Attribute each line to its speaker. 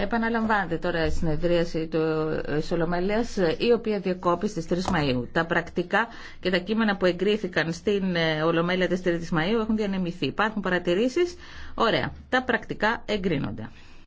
Speaker 1: Επαναλαμβάνεται τώρα η συνεδρίαση του ε, Ολομέλειας ε, η οποία διακόπη στι 3 Μαου. Τα πρακτικά και τα κείμενα που εγκρίθηκαν στην ε, Ολομέλεια τη 3η Μαου έχουν διανεμηθεί. Υπάρχουν παρατηρήσει. Ωραία. Τα πρακτικά
Speaker 2: εγκρίνονται.